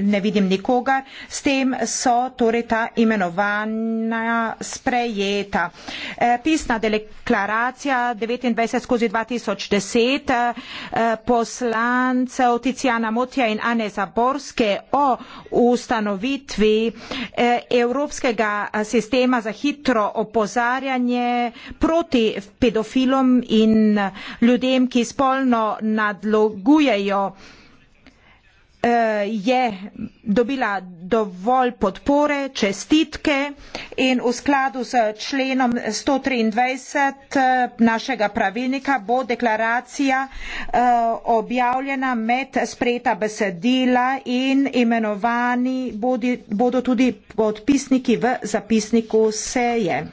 ne vidim nikogar, s tem so torej ta imenovanja sprejeta. Eh, pisna deklaracija 29 skozi 2010 eh, poslancev Ticijana Motja in Ane Zaborske o ustanovitvi eh, Evropskega sistema za hitro opozarjanje proti pedofilom in ljudem, ki spolno nadlogujejo Eh, je dobila dovolj podpore, čestitke in v skladu s členom 123 eh, našega pravilnika bo deklaracija eh, objavljena med spreta besedila in imenovani bodo tudi podpisniki v zapisniku seje.